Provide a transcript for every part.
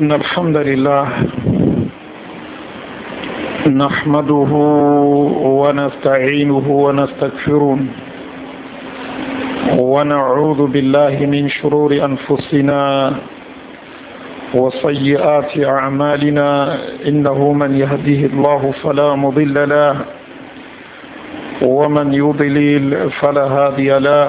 إن الحمد لله نحمده ونستعينه ونستغفره ونعوذ بالله من شرور أنفسنا وسيئات أعمالنا إنه من يهديه الله فلا مضل له ومن يضلل فلا هادي له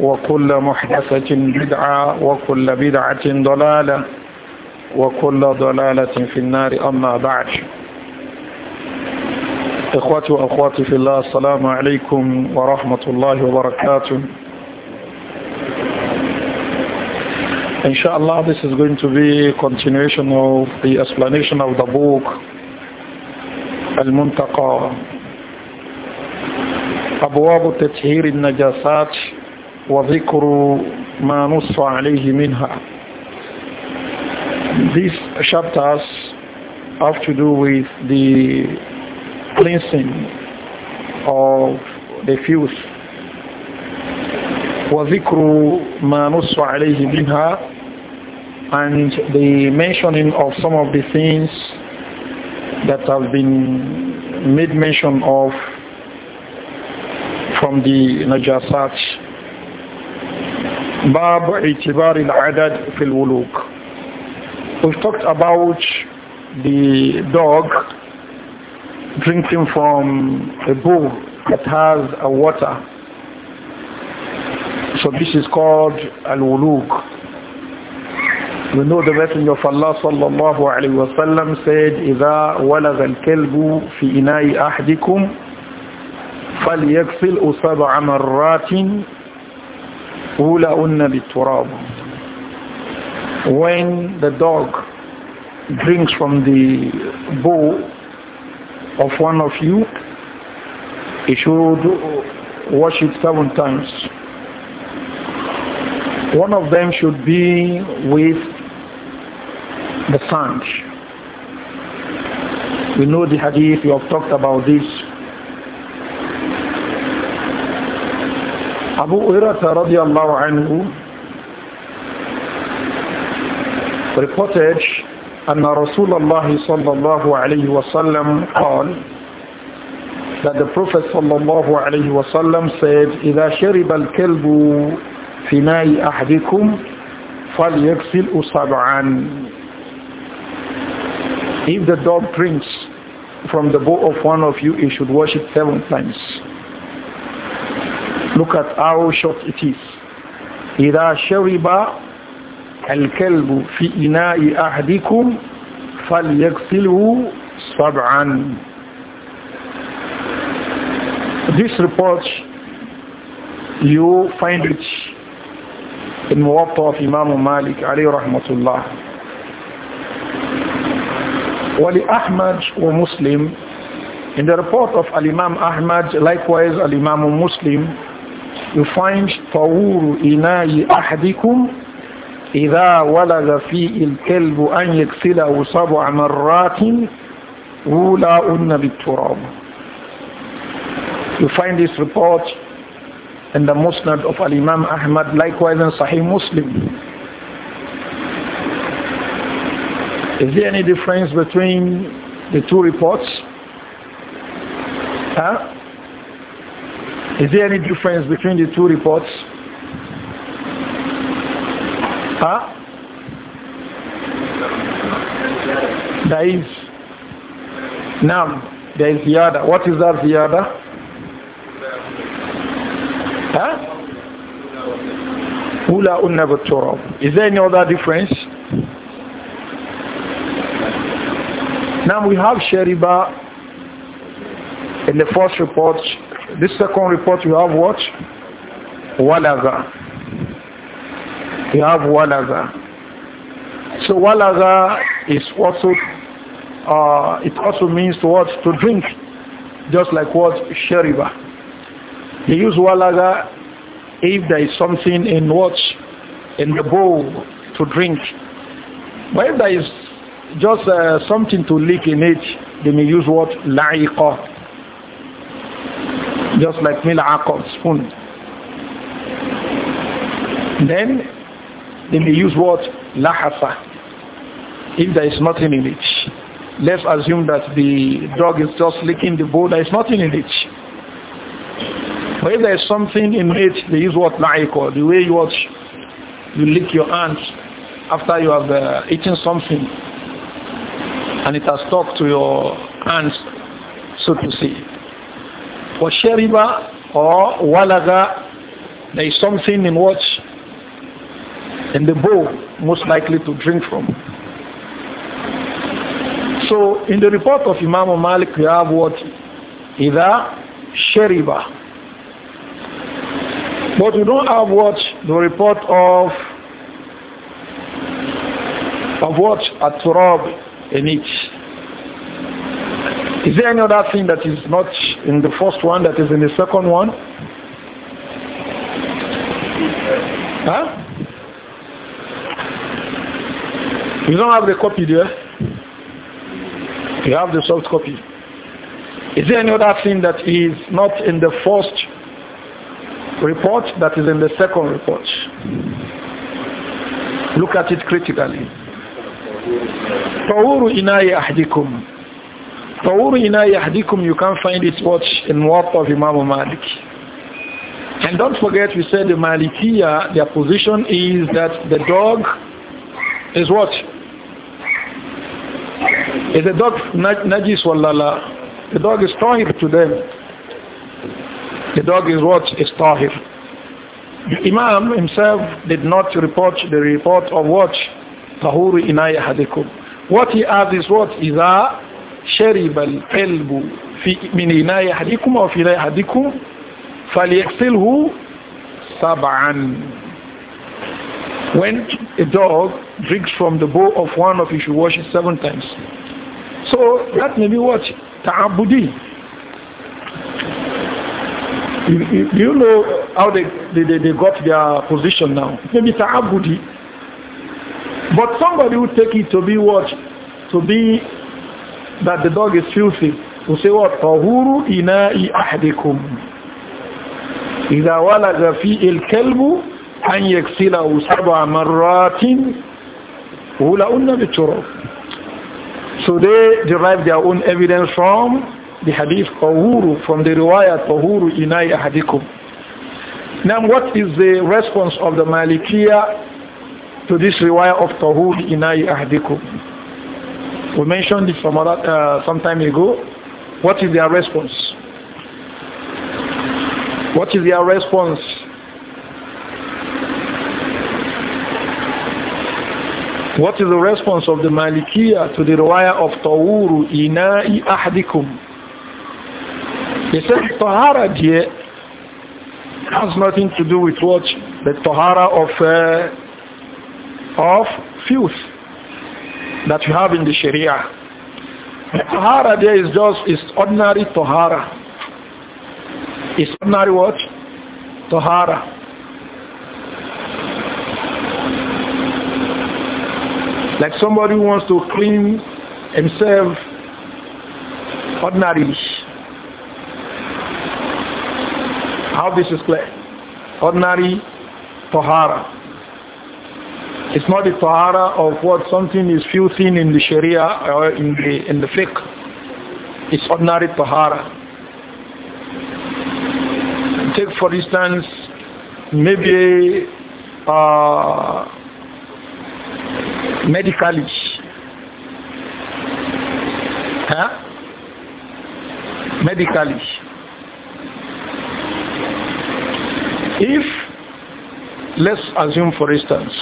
وكل محدثة بدعة وكل بدعة ضلالة وكل ضلالة في النار أما بعد إخواتي وأخواتي في الله السلام عليكم ورحمة الله وبركاته الله this is going to be continuation of the explanation of the book Al-Muntaqa أبواب تطهير النجاسات وذكر ما نص عليه منها These chapters have to do with the cleansing of the fields. وذكر ما نص عليه منها and the mentioning of some of the things that have been made mention of from the Najasat باب اعتبار العدد في الولوك We've talked about the dog drinking from a bowl that has a water. So this is called al-wuluk. We know the Messenger of Allah sallallahu alayhi wa sallam said, إِذَا وَلَغَ الْكَلْبُ فِي إِنَاءِ أَحْدِكُمْ فَلْيَكْفِلْ سَبْعَ مَرَّاتٍ أولهن بالتراب when the dog drinks from the bowl of one of you he should wash it seven times one of them should be with the sand we know the hadith we have talked about this Abu Hurairah radiallahu anhu reported أن رسول الله صلى الله عليه وسلم قال that the Prophet sallallahu alayhi wa sallam said, إِذَا شَرِبَ الْكَلْبُ فِي نَاءِ أَحْدِكُمْ If the dog drinks from the bowl of one of you, he should wash it seven times. Look at how short it is. إذا شرب الكلب في إناء أحدكم فليغسله سبعا. This report you find it in Muwatta of Imam Malik عليه رحمة الله. ولأحمد ومسلم In the report of Al-Imam Ahmad, likewise Al-Imam Muslim, you find طَوُورُ إِنَاءِ أَحْدِكُمْ إِذَا وَلَغَ فِيهِ الْكَلْبُ أَنْ يَكْسِلَهُ سَبْعَ مَرَّاتٍ أُولَاؤُنَّ بِالتُّرَابِ You find this report in the Musnad of Al-Imam Ahmad, likewise in Sahih Muslim. Is there any difference between the two reports? Huh? Is there any difference between the two reports? Huh? There is. Now, there is other. What is that other? Huh? Ula unnever turab. Is there any other difference? Now we have Sheriba. in the first report this second report you have what? Walaga. You have walaga. So walaga is also uh, it also means to what? To drink. Just like what? Sheriba. They use walaga if there is something in what? In the bowl to drink. But if there is just uh, something to lick in it, they may use what? La'iqah just like mil akov, spoon. Then they may use what? Lahafa. If there is nothing in it. Let's assume that the dog is just licking the bowl, there is nothing in it. But if there is something in it, they use what laiko, the way you watch, you lick your hands after you have uh, eaten something and it has stuck to your hands, so to see. وَشَرِبَ or walaga, there is something in what? In the bowl, most likely to drink from. So in the report of Imam Malik, we have what? ida sheriba. But we don't have what? The report of of what? at in it. Is there any other thing that is not in the first one that is in the second one? Huh? You don't have the copy there? You have the soft copy. Is there any other thing that is not in the first report that is in the second report? Look at it critically. طهور إناء أحدكم Sawrina Yahdikum, you can't find it watch in what of Imam Malik. And don't forget we said the Malikiya, their position is that the dog is what? Is the dog najis walala? The dog is tahir to them. The dog is what? Is tahir. The Imam himself did not report the report of what? Tahuru inaya hadikum. What he asked is what is that? شرب الكلب في من إناء أحدكم أو في إناء أحدكم فليغسله سبعا When a dog drinks from the bowl of one of you, should wash it seven times. So that may be what? Ta'abudi. Do you, know how they, they, they got their position now. Maybe Ta'abudi. But somebody would take it to be what? To be that the dog is filthy, we say what? طهور إناء أحدكم إذا ولد في الكلب أن يغسله سبع مرات ولأن بالتراب So they derive their own evidence from the hadith طهور from the riwayat طهور إناء أحدكم Now what is the response of the Malikiya to this riwayat of طهور إناء أحدكم we mentioned it some, other, uh, some time ago. What is their response? What is their response? What is the response of the Malikiya to the riwayah of Tawuru Ina'i Ahdikum? They said Tahara here has nothing to do with what? The Tahara of, uh, of filth that you have in the Sharia. The tahara there is just is ordinary Tahara. It's ordinary what? Tahara. Like somebody who wants to clean himself ordinary. How this is clear? Ordinary Tahara. It's not the tahara of what something is filthy in the sharia or in the, in the fiqh. It's ordinary tahara. Take for instance, maybe uh, medically. Huh? Medically. If, let's assume for instance,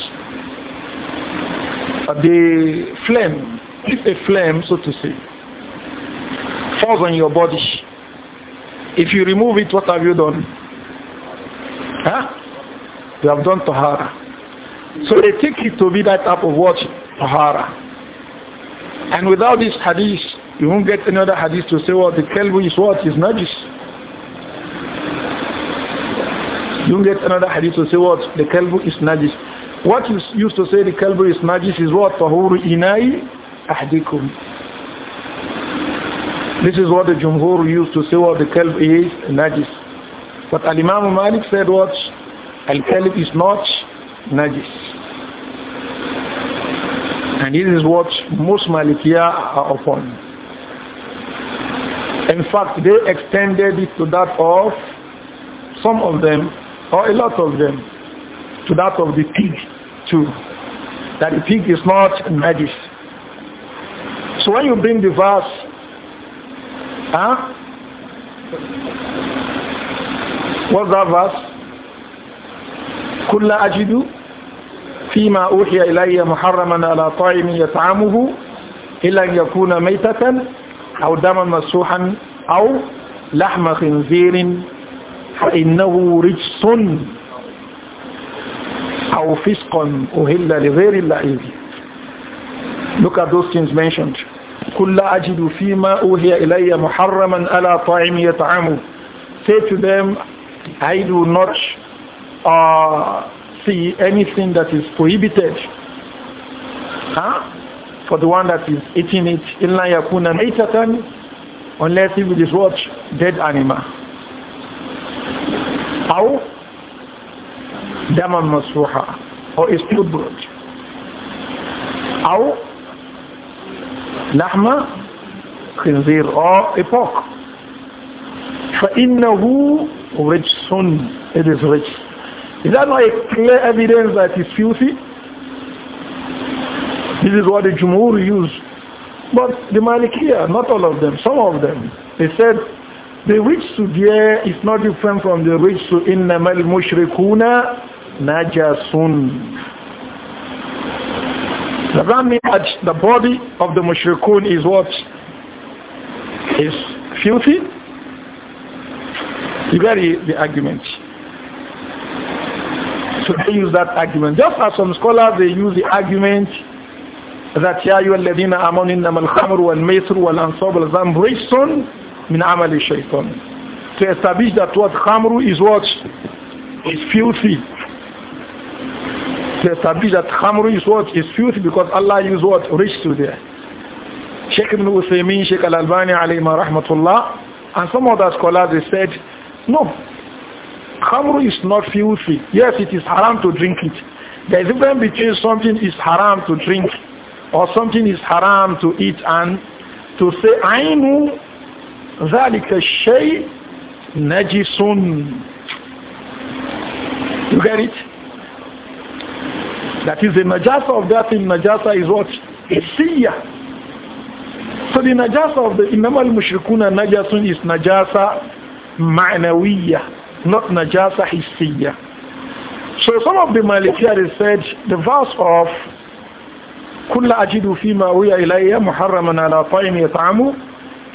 uh, the flame, if a flame, so to say, falls on your body, if you remove it, what have you done? Huh? You have done Tahara. So they take it to be that type of what? Tahara. And without this hadith, you won't get another hadith to say, well, the kelbu is what? Is najis. You won't get another hadith to say, what? The kelbu is najis. What you used to say the Kalbi is najis is what? Tahuru inai ahdikum. This is what the Jumhur used to say what the Kalb is najis. But Al-Imam Malik said what? Al-Kalb is not najis. And this is what most Malikiya are upon. In fact, they extended it to that of some of them or a lot of them. to that of the pig too. That the pig is not magic. So when you bring the verse, huh? What's that verse? كل أجد فيما أوحي إلي محرما على طائم يطعمه إلا أن يكون ميتة أو دما مسوحا أو لحم خنزير فإنه رجس أو أهل لغير الله Look at those things mentioned كل أجد فيما أوهي إلي محرما طعم يطعمه Say to them I do not uh, see anything that is prohibited huh? for the one that is eating it إلا يكون ميتة unless it is what dead animal how دما مسفوحا or a split brood أو لحم خنزير or a pork فإنه رجس it is rich is that not a clear evidence that it's filthy this is what the Jumhur use but the Malikiya not all of them some of them they said the rich to is not different from the rich to innamal mushrikuna najasun. Does that mean that the body of the mushrikun is what? Is filthy? You got the argument. So they use that argument. Just as some scholars, they use the argument that يا أيها الذين آمنوا إنما الخمر والميسر والأنصاب والزم رجس من عمل الشيطان to establish that what khamru is what is filthy to establish that khamru is what is filth because Allah used what rich to there. Sheikh Ibn Uthaymeen, Sheikh Al-Albani alayhima rahmatullah and some other scholars they said no khamru is not filthy yes it is haram to drink it there is a difference between something is haram to drink or something is haram to eat and to say ainu ذلك shay najisun you get it That is the najasa of that in najasa is what? Is siya. So the najasa of the Imam al-Mushrikuna najasun is najasa ma'nawiyah, not najasa hissiyah. So some of the Malikiyah said the verse of كل أجد فيما أوي إلي محرما على طعم يطعمه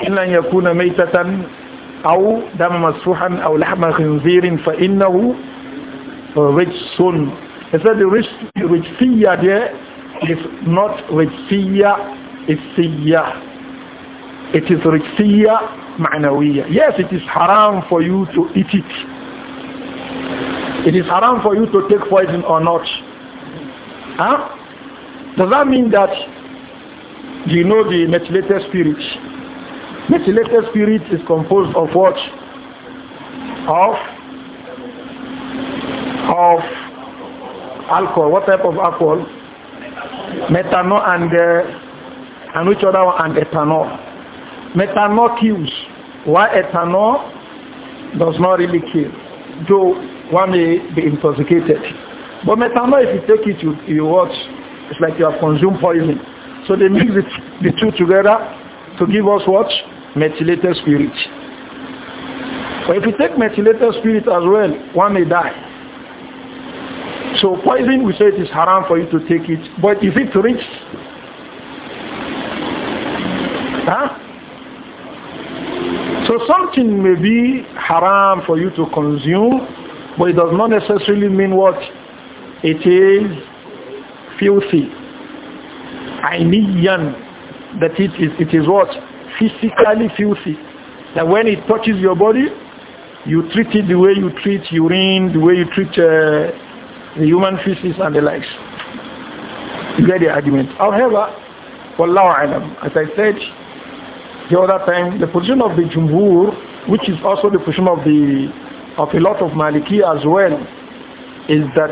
إلا أن يكون ميتة أو دم مسفوحا أو لحم خنزير فإنه رجس He said the rich, rich fear there is not rich fear, it's fear. It is rizqiyya ma'nawiyya. Yes, it is haram for you to eat it. It is haram for you to take poison or not. Huh? Does that mean that you know the methylated spirit? Methylated spirit is composed of what? Of of alcohol. What type of alcohol? Methanol and uh, and which other one? And ethanol. Methanol kills. Why ethanol does not really kill, though one may be intoxicated. But methanol, if you take it, you, you watch. It's like you have consumed poison. So they mix the, the two together to give us what? Methylated spirit. But if you take methylated spirit as well, one may die. So poison, we say it is haram for you to take it. But is it rich? Huh? So something may be haram for you to consume, but it does not necessarily mean what? It is filthy. I mean, That it is, it is what? Physically filthy. That when it touches your body, you treat it the way you treat urine, the way you treat uh, the human feces and the likes. You get the argument. However, Wallahu alam, as I said the other time, the position of the Jumhur, which is also the position of the of a lot of Maliki as well, is that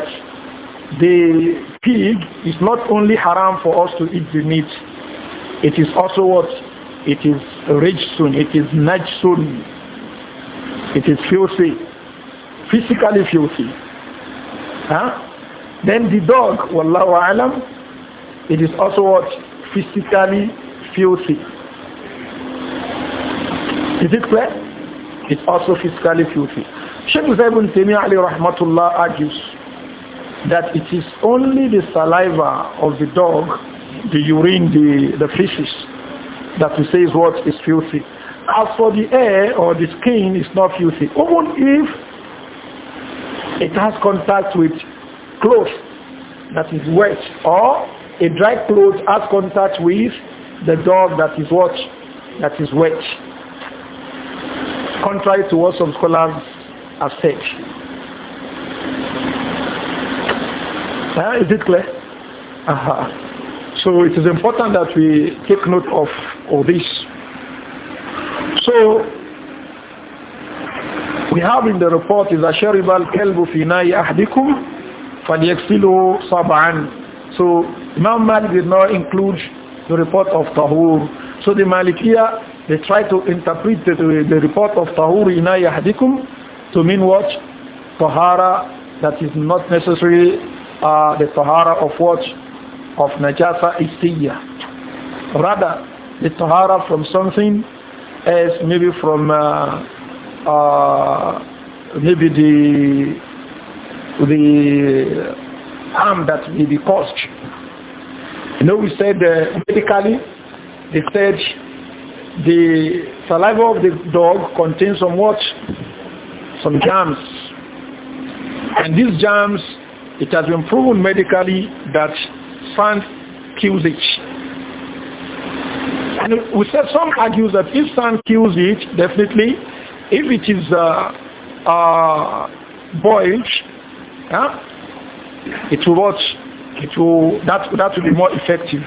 the pig is not only haram for us to eat the meat, it is also what? It is rajsun, it is najsun, it is filthy, physically filthy. Huh? Then the dog, wallahu alam, it is also what? Physically filthy. Is it clear? It's also physically filthy. Sheikh Ibn Taymiyyah Ali Rahmatullah argues that it is only the saliva of the dog, the urine, the, the feces, that we say is what is filthy. As for the air or the skin, it's not filthy. Even if it has contact with cloth that is wet or a dry cloth has contact with the dog that is what that is wet contrary to what some scholars have said uh, is it clear uh -huh. so it is important that we take note of, all this so we have in the report is Asharibal الْكَلْبُ فِي نَايِ أَحْدِكُمْ فَلْيَكْسِلُوا صَبْعًا So Imam Malik did not include the report of Tahur. So the Malikiya, they try to interpret the, the report of Tahur إِنَا يَحْدِكُمْ to mean what? Tahara that is not necessary uh, the Tahara of what? Of Najasa Istiyya. Rather, the Tahara from something as maybe from uh, uh, maybe the the harm that may be caused. You know, we said uh, medically, they said the saliva of the dog contains some what? Some germs. And these germs, it has been proven medically that sand kills it. And we said some argue that if sand kills it, definitely if it is uh, uh, boiled, it will what? It will that that will be more effective.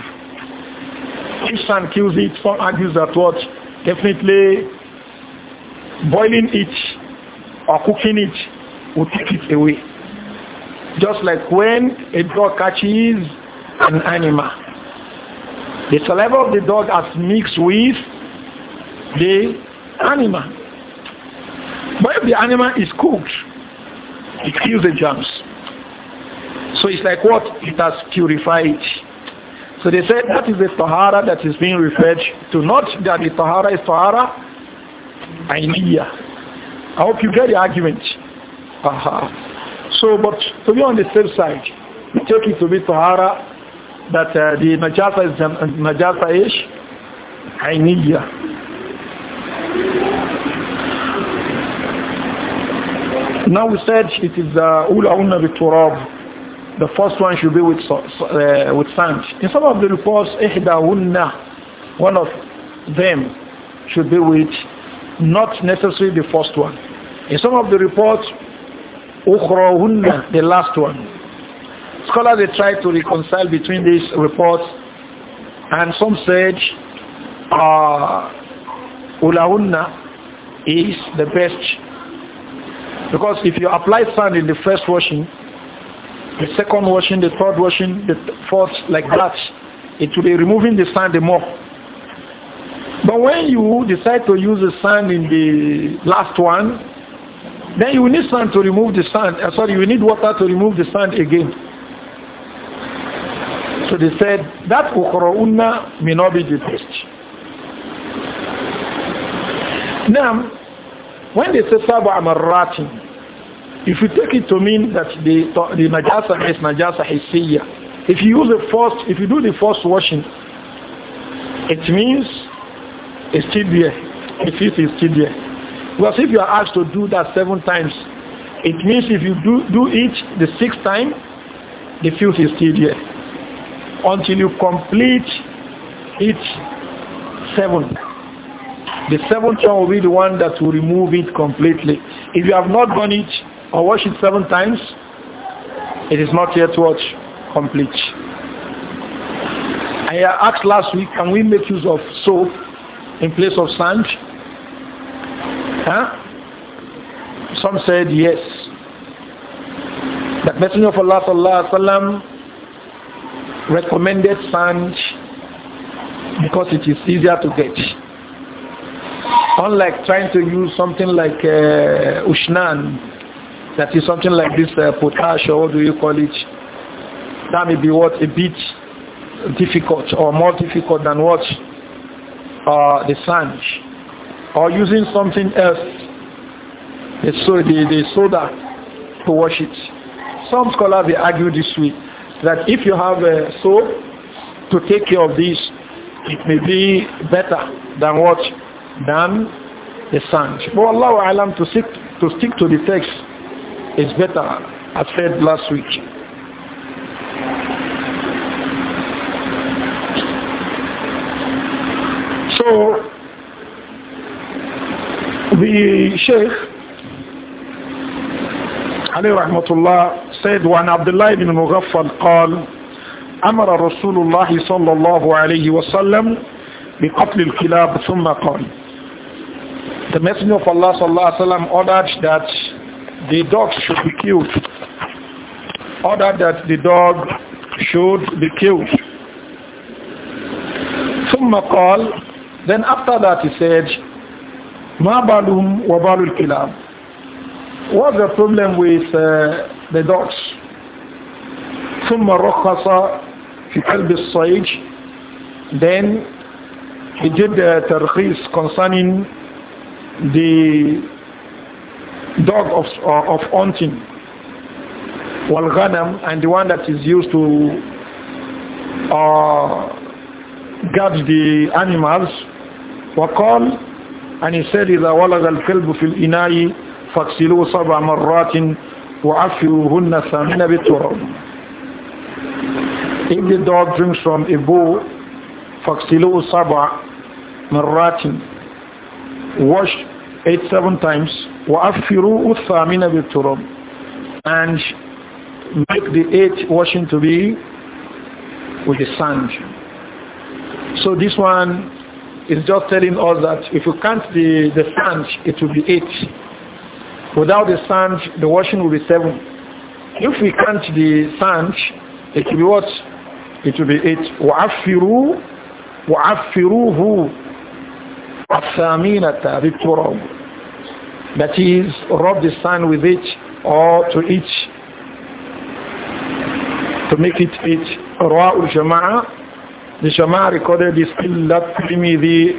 If sun kills it, some argues that what definitely boiling it or cooking it will take it away. Just like when a dog catches an animal, the saliva of the dog has mixed with the animal but if the animal is cooked, it kills the germs. So it's like what? It has purified. So they said that is the Tahara that is being referred to. Not that the Tahara is Tahara Ainiya. I hope you get the argument. So, but to be on the safe side, we take it to be Tahara that uh, the Najasa is uh, Najasa Ish Ainiya. Now we said it is ula'unna uh, biturab. The first one should be with uh, with sand. In some of the reports, ihdahunna, one of them should be with not necessarily the first one. In some of the reports, ukhrahunna, the last one. Scholars they try to reconcile between these reports, and some said uh, unna, is the best because if you apply sand in the first washing, the second washing, the third washing, the fourth, like that, it will be removing the sand the more. But when you decide to use the sand in the last one, then you need sand to remove the sand. Uh, sorry, you need water to remove the sand again. So they said that ukhraunna may not be the best. Now, When they say sab'a marratin, if you take it to mean that the, the najasa is najasa hissiyya, if you use the first, if you do the first washing, it means it's still there. It is still there. Because if you are asked to do that seven times, it means if you do, do each the sixth time, the filth is still there. Until you complete each seven The seventh one will be the one that will remove it completely. If you have not done it or washed it seven times, it is not yet washed, Complete. I asked last week, can we make use of soap in place of sand? Huh? Some said yes. That Messenger of Allah sallallahu alaihi wasallam recommended sand because it is easier to get. Unlike trying to use something like uh, ushnan, that is something like this uh, potash or what do you call it? That may be what a bit difficult or more difficult than what uh, the sand or using something else, the, so, the, the soda to wash it. Some scholars they argue this way that if you have a soap to take care of this, it may be better than what than the sand. But Allah Alam to stick, to stick to the text is better, I said last week. So, the Sheikh, عليه rahmatullah, said, وعن عبد الله بن قال, أمر رسول الله صلى الله عليه وسلم بقتل الكلاب ثم قال, the Messenger of Allah sallallahu alaihi wasallam ordered that the dog should be killed. Ordered that the dog should be killed. ثم قال then after that he said ما بالهم وبال الكلاب what's the problem with uh, the dogs ثم رخص في قلب الصيد then he did the tarkhis concerning the dog of, uh, of hunting, wal ghanam, and the one that is used to uh, guard the animals, وقال and he said إذا ولد الكلب في الإناء فاغسلوه سبع مرات وعفروهن ثامن بالتراب If the dog drinks from a bowl, فاغسلوه سبع wash eight, seven times. وَأَفِّرُوا mina biturum, And make the eight washing to be with the sand. So this one is just telling us that if you count the, the sand, it will be eight. Without the sand, the washing will be seven. If we count the sand, it will be what? It will be eight. وَعَفِّرُوا وَعَفِّرُوهُ that is, rub the sand with it or to it. To make it it. Ra'ul jamaa. The jamaa recorded this illa Trimidi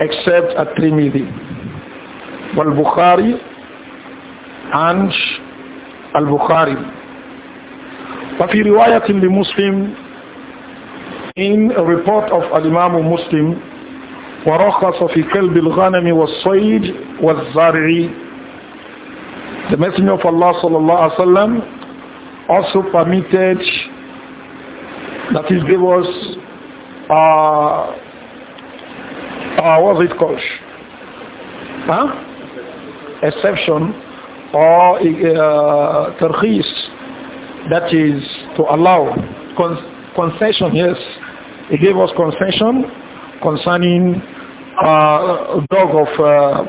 except at Trimidi. Wal Bukhari and Al Bukhari. وفي رواية لمسلم in a report of Al-Imam Muslim ورخص في كلب الغنم والصيد والزرع The Messenger of Allah صلى الله عليه وسلم also permitted that is gave us uh, uh, what's it called? Huh? Exception or uh, that is to allow concession yes he gave us concession concerning a uh, dog of uh,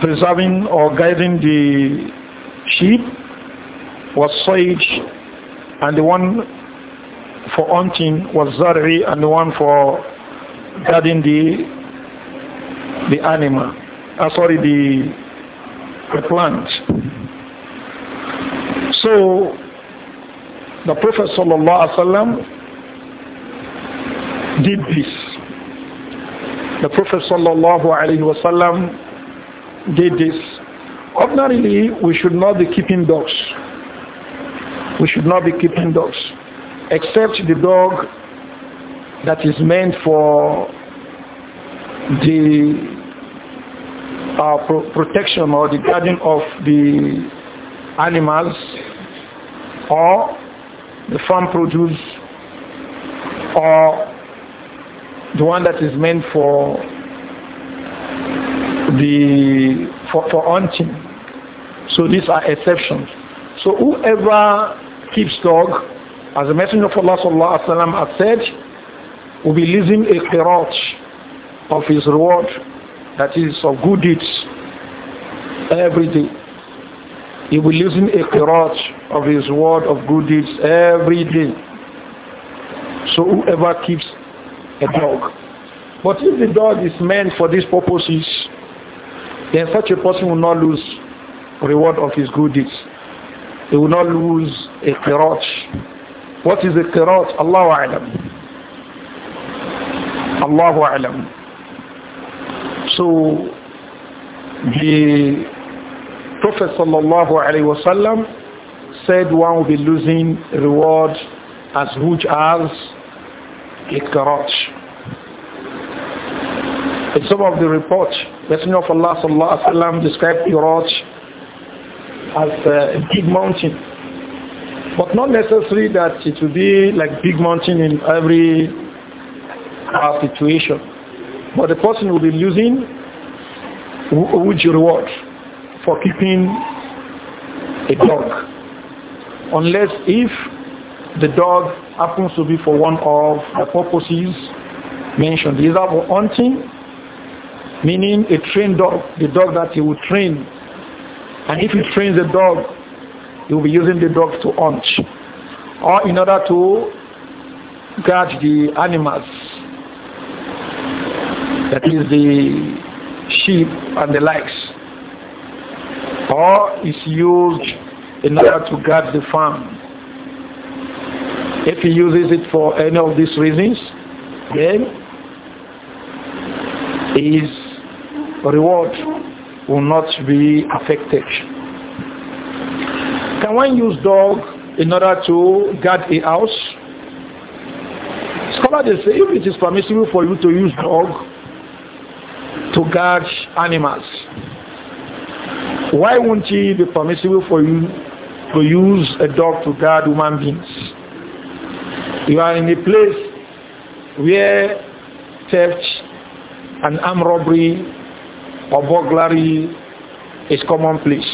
preserving or guiding the sheep was sage and the one for hunting was zari and the one for guarding the the animal uh, sorry the, the plant so the prophet sallallahu alaihi wasallam did this the Prophet sallallahu did this. Ordinarily, we should not be keeping dogs. We should not be keeping dogs, except the dog that is meant for the uh, pro protection or the guarding of the animals or the farm produce or the one that is meant for the for, for hunting. So these are exceptions. So whoever keeps dog, as the Messenger of Allah sallallahu alaihi wasallam has said, will be losing a qirat of his reward, that is of good deeds, every day. He will be losing a qirat of his reward of good deeds every day. So whoever keeps a dog. But if the dog is meant for these purposes, then such a person will not lose reward of his good deeds. He will not lose a qirat. What is a qirat? Allah A'lam. Allah A'lam. So the Prophet sallallahu alaihi wasallam said one will be losing reward as much as a qirat. In some of the reports, Messenger of Allah sallallahu alaihi wasallam described Iraj as uh, a big mountain. But not necessary that it will be like big mountain in every uh, situation. But the person will be losing huge reward for keeping a dog. Unless if the dog happens to be for one of the purposes mentioned, either for hunting Meaning a trained dog, the dog that he will train. And if he trains the dog, he will be using the dog to hunt. Or in order to guard the animals. That is the sheep and the likes. Or is used in order to guard the farm. If he uses it for any of these reasons, then he is reward will not be affected. Can one use dog in order to guard a house? Scholars they say if it is permissible for you to use dog to guard animals, why won't it be permissible for you to use a dog to guard human beings? You are in a place where theft and armed robbery or burglary is commonplace.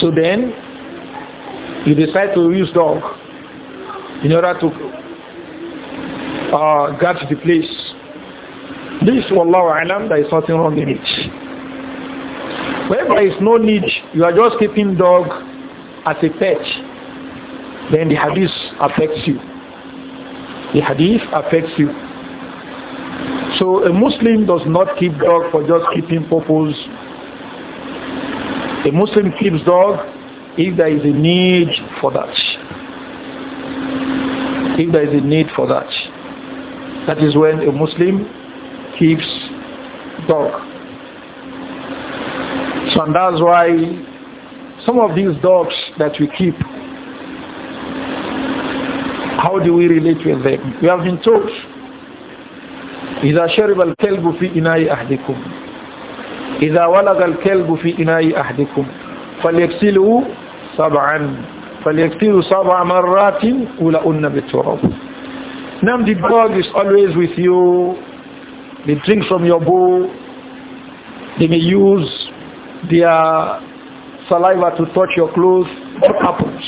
So then you decide to use dog in order to uh, guard the place. This, wallahu alam, there is nothing wrong in it. Where there is no need, you are just keeping dog as a pet, then the hadith affects you. The hadith affects you. So a Muslim does not keep dog for just keeping purpose. A Muslim keeps dog if there is a need for that. If there is a need for that. That is when a Muslim keeps dog. So and that's why some of these dogs that we keep, how do we relate with them? We have been told إذا شرب الكلب في إناء أحدكم إذا ولغ الكلب في إناء أحدكم فليغسله سبعا فليغسله سبع مرات ولأن بالتراب Now the dog is always with you. They drink from your bowl. They may use their saliva to touch your clothes. What happens?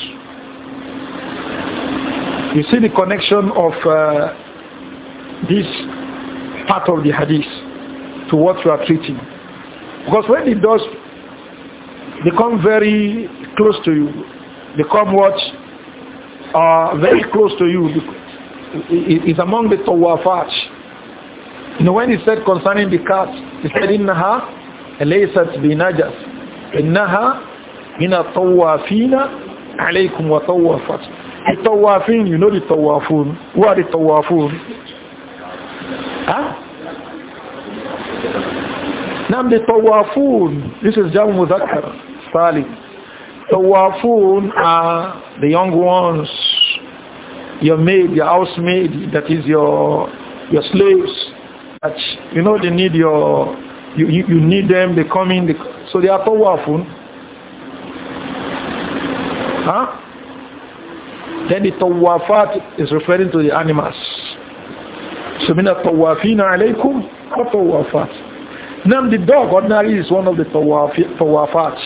You see the connection of uh, this part of the hadith to what you are treating. Because when it does become very close to you, become what are uh, very close to you, is among the tawafat. You know, when he said concerning the cat, he said, إِنَّهَا لَيْسَتْ بِنَجَسْ إِنَّهَا مِنَ الطَّوَّافِينَ عَلَيْكُمْ وَطَوَّفَتْ The tawafin, you know the tawafun. Who are the tawafun? Huh? Nam the Tawafun. This is Jam Muzakkar Salim. Tawafun are the young ones, your maid, your housemaid, that is your your slaves. That you know they need your you, you, you need them, they come in, they, so they are tawafun. Huh? Then the tawafat is referring to the animals. So mina al-tawafina alaykum or tawafat. Now the dog ordinarily is one of the tawafat.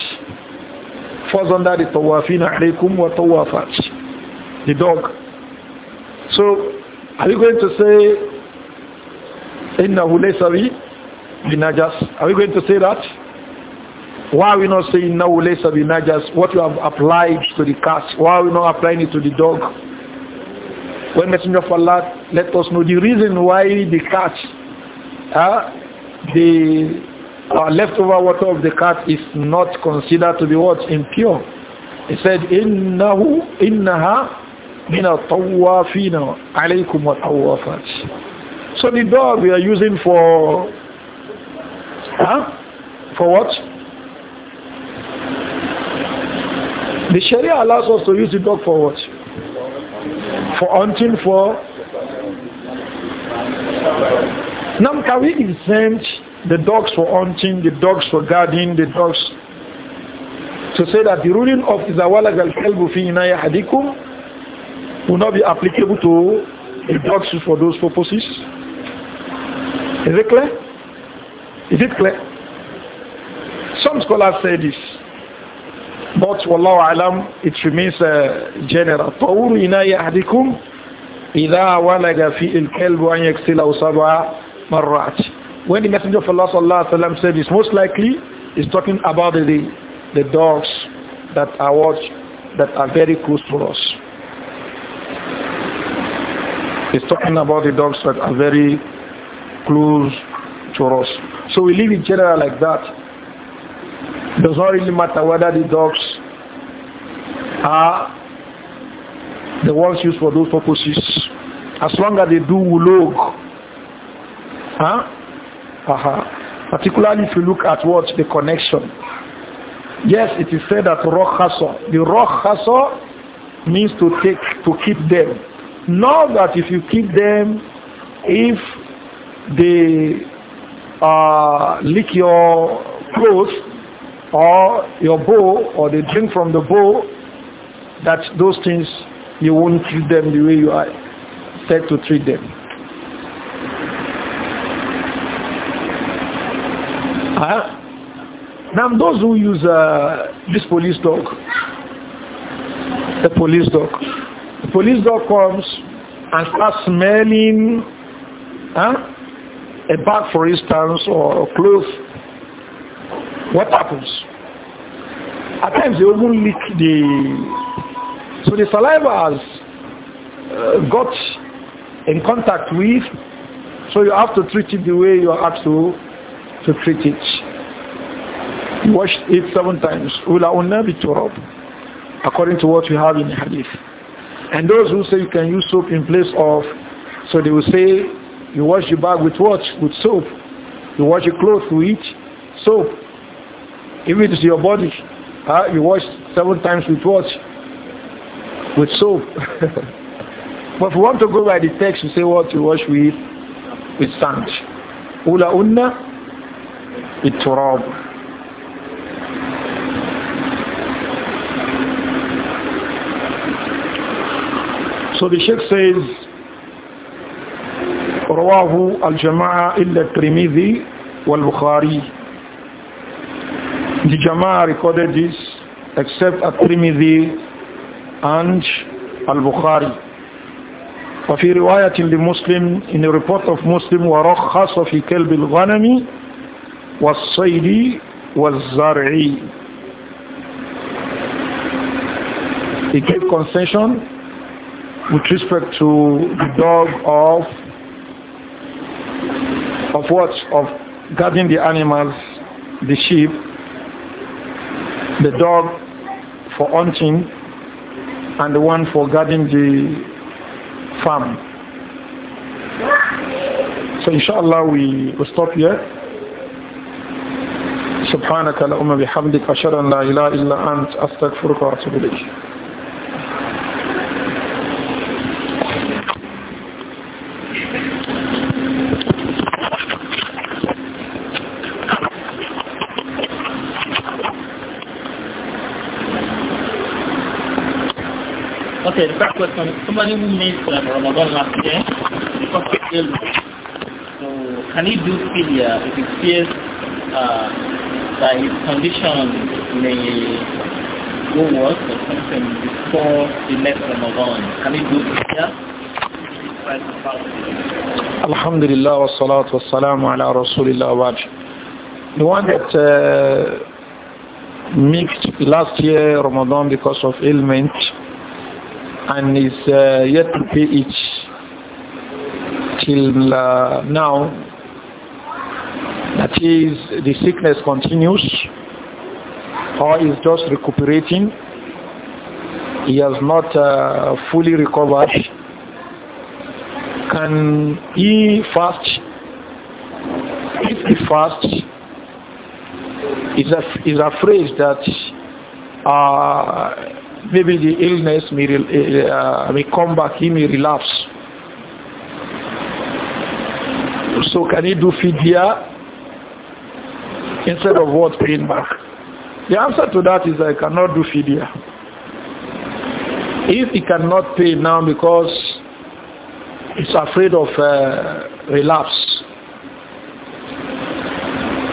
Falls under the tawafina alaykum wa tawafat. The dog. So are you going to say innahu laysa binajas? Are we going to say that? Why are we not saying innahu laysa binajas? What you have applied to the cat, why are we not applying it to the dog? When Messenger of Allah let us know the reason why the cat, uh, the uh, leftover water of the cat is not considered to be what? Impure. He said, إِنَّهُ إِنَّهَا مِنَ الطَّوَّافِينَ عَلَيْكُمْ وَالْأَوَّافَاتِ So the dog we are using for, huh? For what? The Sharia allows us to use the dog for what? for hunting for. Now, can we exempt the dogs for hunting, the dogs for guarding, the dogs to say that the ruling of Izawala Galkalbu fi inaya hadikum will not be applicable to the dogs for those purposes? Is it clear? Is it clear? Some scholars say this. But wallahu alam, it remains uh, general. طَوْرُ إِنَا يَحْدِكُمْ إِذَا fi al-qalb أَنْ يَكْسِلَهُ سَبْعَ مَرَّاتٍ When the Messenger of Allah sallallahu alaihi wasallam said this, most likely is talking about the, the dogs that are watched, that are very close to us. He's talking about the dogs that are very close to us. So we leave it general like that. It does not really matter whether the dogs are the ones used for those purposes. As long as they do wulog. Huh? Uh-huh. Particularly if you look at what the connection. Yes, it is said that rokhasa. The rokhasa means to take, to keep them. Now that if you keep them, if they uh, lick your clothes, or your bowl or they drink from the bowl that those things you won't treat them the way you are said to treat them. Huh? Now those who use uh, this police dog, the police dog, the police dog comes and starts smelling huh? a bag for instance or a cloth what happens? At times they even leak the... So the saliva has uh, got in contact with, so you have to treat it the way you are asked to, to treat it. You wash it seven times. According to what we have in hadith. And those who say you can use soap in place of, so they will say, you wash your bag with what? With soap. You wash your clothes with soap. If it is your body, uh, you wash several times with what? With soap. but if you want to go by the text, you say what you wash with with sand. Ula unna iturab. So the Sheikh says, رواه الجماعة إلا الترمذي والبخاري the Jama'ah recorded this except At-Tirmidhi and Al-Bukhari. وفي رواية لمسلم in the report of Muslim ورخص في كلب الغنم والصيد والزرع He gave concession with respect to the dog of of what? Of guarding the animals, the sheep the dog for hunting and the one for guarding the farm. So inshallah we will stop here. سبحانك اللهم بحمدك أشهد أن لا إله إلا أنت أستغفرك وأتوب إليك somebody who makes um, Ramadan last year, because of illness, so can he do fidya if he fears uh, that his condition may go worse or something before the next Ramadan? Can he do fidya? الحمد لله والصلاة والسلام على رسول الله وبعد The one that uh, mixed last year Ramadan because of ailment and is uh, yet to pay it till uh, now. That is, the sickness continues or is just recuperating. He has not uh, fully recovered. Can he fast? If he fasts, is phrase that uh, maybe the illness may, eh, eh, uh, may come back, he may relapse. So can he do fidya instead of what paying back? The answer to that is I cannot do fidya. If he cannot pay now because he's afraid of uh, relapse,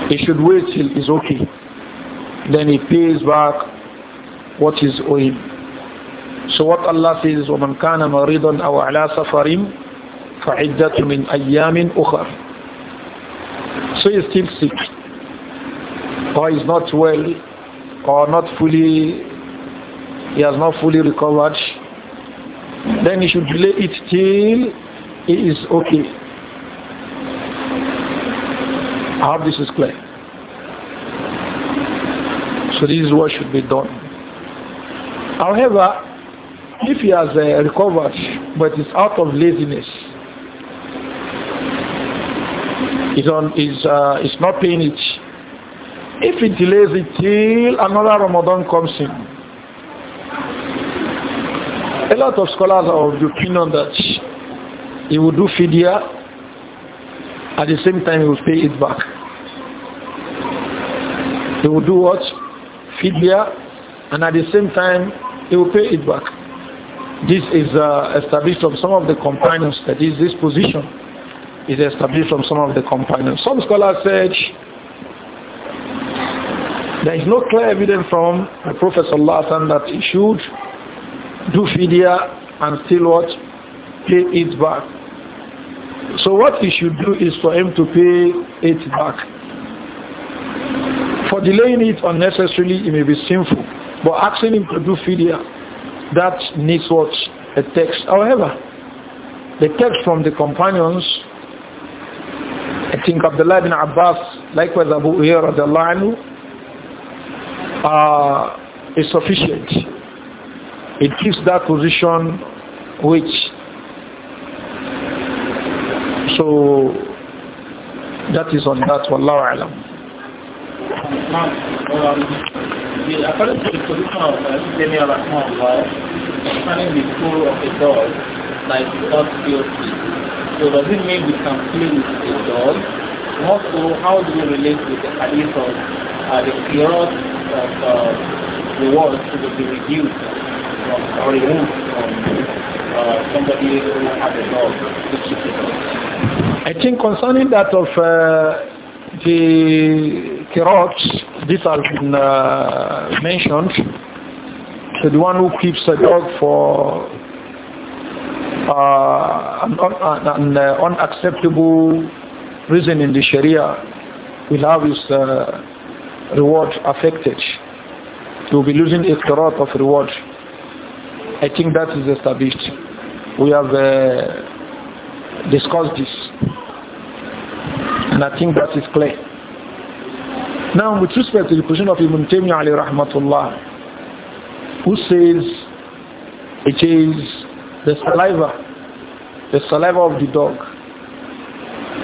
he should wait till he's okay. Then he pays back what is Oim? So what Allah says, وَمَنْ كَانَ مَرِيضًا أَوْ عَلَى سَفَرٍ فَعِدَّةٌ مِنْ أَيَّامٍ أُخَرٍ So still sick, or is not well, or not fully, he has not fully recovered, then he should delay it till he is okay. I hope this is clear. So this is what should be done. However, if he has uh, recovered but is out of laziness, is on is uh, is not paying it. If he delays it till another Ramadan comes in, a lot of scholars are of the opinion that he will do fidya. At the same time, he will pay it back. He will do what fidya, and at the same time he will pay it back. This is uh, established from some of the companions, that is, this position is established from some of the companions. Some scholars said there is no clear evidence from the Prophet ﷺ that he should do fidya and still what? Pay it back. So what he should do is for him to pay it back. For delaying it unnecessarily, it may be sinful. But asking him to do fidya, that needs what? A text. However, the text from the companions, I think Abdullah bin Abbas, likewise Abu Uyar, uh, is sufficient. It gives that position which so that is on that one. alam the, according to the position of Demi uh, Rahman, concerning the soul of a dog, like dog guilty. So does it mean we can play with a dog? Also, how do we relate with the hadith of uh, the chaos of uh, the world to be reduced from, or removed from uh, somebody who has a dog, which is a dog? I think concerning that of uh the kirats, these are been uh, mentioned. So the one who keeps a dog for uh, an, an, an, uh, unacceptable reason in the Sharia will have his uh, reward affected. He will be losing his kirat of reward. I think that is established. We have uh, discussed this. And I think that is clear. Now, with respect to the question of Ibn Taymiyyah Ali Rahmatullah, who says it is the saliva, the saliva of the dog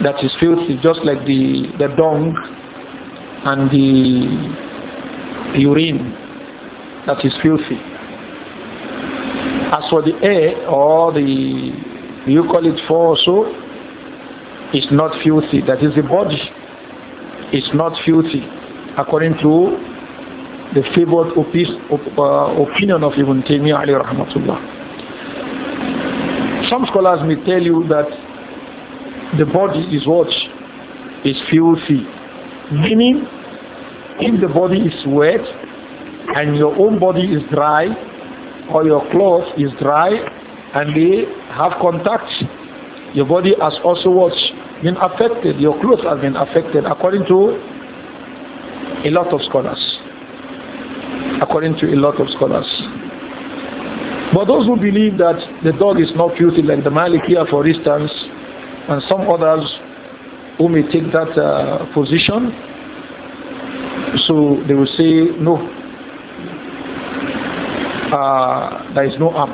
that is filthy, just like the, the dung and the urine that is filthy. As for the air or the, you call it for is not filthy. That is the body is not filthy according to the favored uh, opinion of Ibn Taymiyyah alayhi Some scholars may tell you that the body is what? Is filthy. Meaning, if the body is wet and your own body is dry or your cloth is dry and they have contact, your body has also what? been affected, your clothes have been affected, according to a lot of scholars. According to a lot of scholars. But those who believe that the dog is not filthy, like the Malikia, for instance, and some others who may take that uh, position, so they will say, no, uh, there is no harm.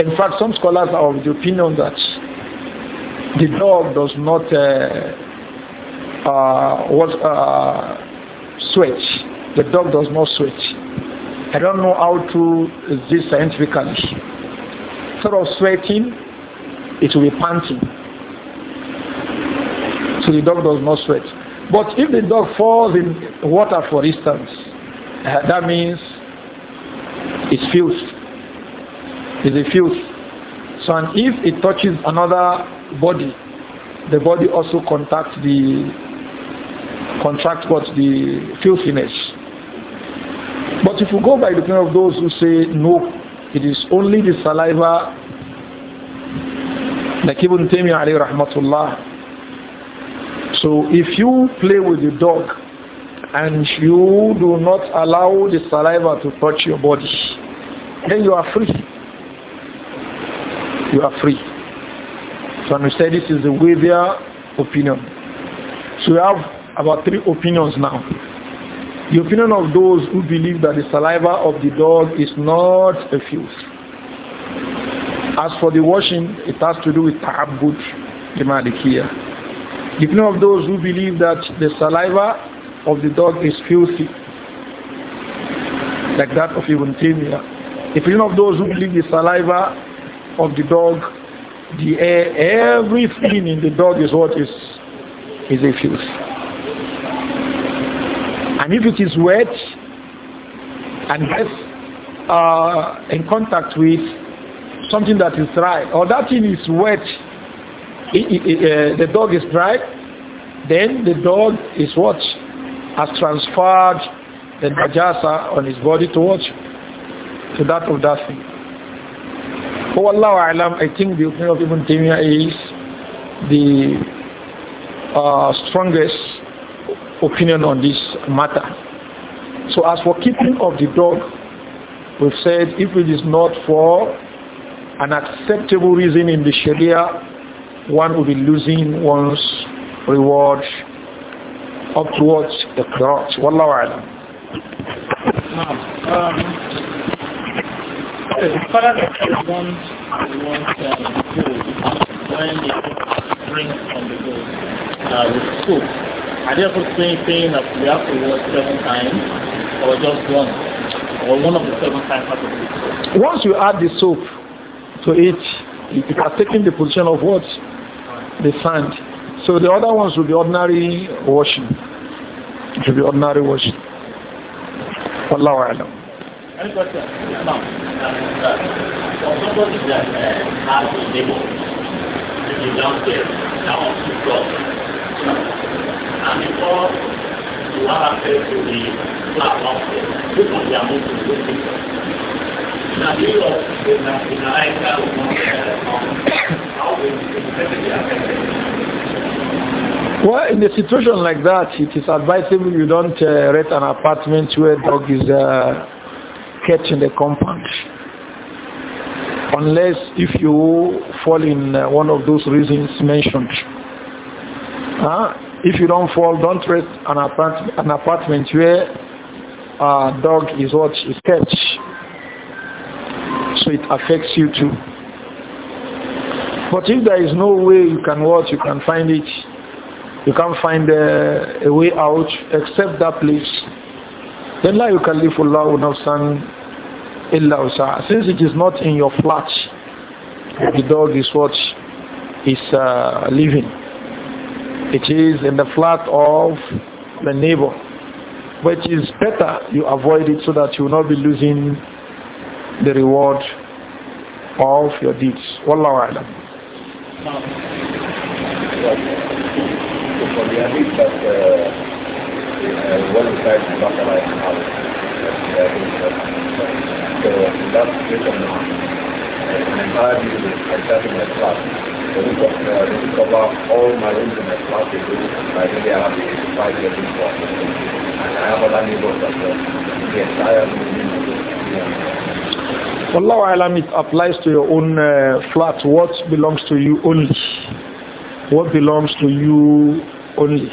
In fact, some scholars are of the opinion that the dog does not uh, uh, what, uh, switch. The dog does not switch. I don't know how to this scientifically. Instead of sweating, it will be panting. So the dog does not sweat. But if the dog falls in water, for instance, uh, that means it's fused. It's a So and if it touches another body, the body also contact the contract what the filthiness. But if you go by the opinion of those who say no, it is only the saliva like Ibn Taymiyyah alayhi rahmatullah. So if you play with the dog and you do not allow the saliva to touch your body, then you are free. You are free. So and we said this is the way their opinion. So we have about three opinions now. The opinion of those who believe that the saliva of the dog is not a filth. As for the washing, it has to do with ta'abbud, the malikiyah. The opinion of those who believe that the saliva of the dog is filthy, like that of Ibn Taymiyyah. The opinion of those who believe the saliva of the dog the air, everything in the dog is what is, is a filth. And if it is wet and gets uh, in contact with something that is dry, or that thing is wet, it, it, uh, the dog is dry, then the dog is what? Has transferred the najasa on his body towards To that of that thing. But Allah Alam, I think the opinion of Ibn Taymiyyah is the uh, strongest opinion on this matter. So as for keeping of the dog, we've said if it is not for an acceptable reason in the Sharia, one will be losing one's reward up towards the crotch. Wallahu Alam. Um, the when from the saying, that we have to wash seven times or just one? Or one of the seven times has to be Once you add the soap to it, it is taking the position of what? The sand. So the other ones will be ordinary washing. It will be ordinary washing. Allah alam. Any question? For somebody uh, that has a neighbor, and before you have access to the flat be to the In the uh, um, how will be Well, in a situation like that, it is advisable you don't uh, rent an apartment where dog is uh, kept in the compound. Unless if you fall in uh, one of those reasons mentioned. Uh, if you don't fall, don't rent an, apart an apartment where a dog is is kept. So it affects you too. But if there is no way you can watch, you can find it, you can't find a, uh, a way out except that place, then you can for yukallifu Allahu sun illa usaha. Since it is not in your flat, the dog is what is uh, living. It is in the flat of the neighbor. Which is better you avoid it so that you will not be losing the reward of your deeds. Wallahu alam. Allah I I alam, it applies to your own uh, flat. What belongs to you only? What belongs to you only?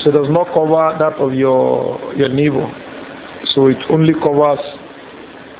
So it does not cover that of your your neighbor. So it only covers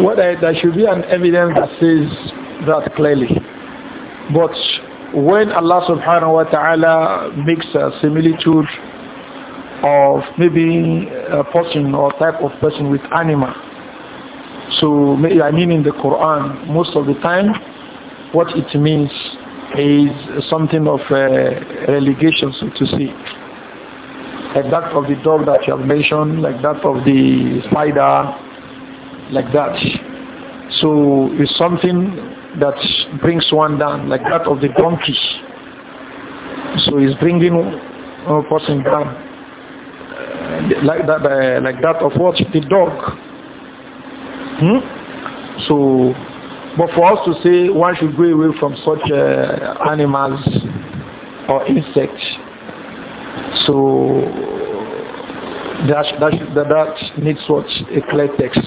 What there should be an evidence that says that clearly. But when Allah subhanahu wa ta'ala makes a similitude of maybe a person or type of person with animal. So I mean in the Quran, most of the time, what it means is something of a uh, relegation, so to say. Like that of the dog that you have mentioned, like that of the spider, like that. So it's something that brings one down, like that of the donkey. So it's bringing a person down like that, uh, like that of what? The dog. Hmm? So, but for us to say one should go away from such uh, animals or insects, so that, that, that, that needs such a clear text.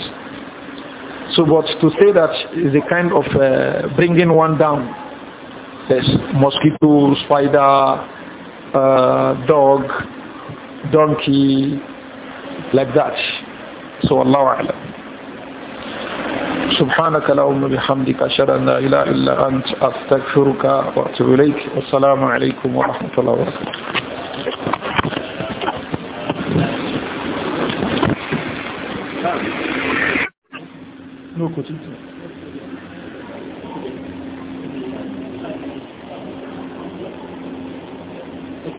So, but to say that is a kind of uh, bringing one down. Yes, mosquito, spider, uh, dog, donkey like that so Allah alam سبحانك اللهم بحمدك أشهد أن لا إله إلا أنت أستغفرك وأتوب إليك والسلام عليكم ورحمة الله وبركاته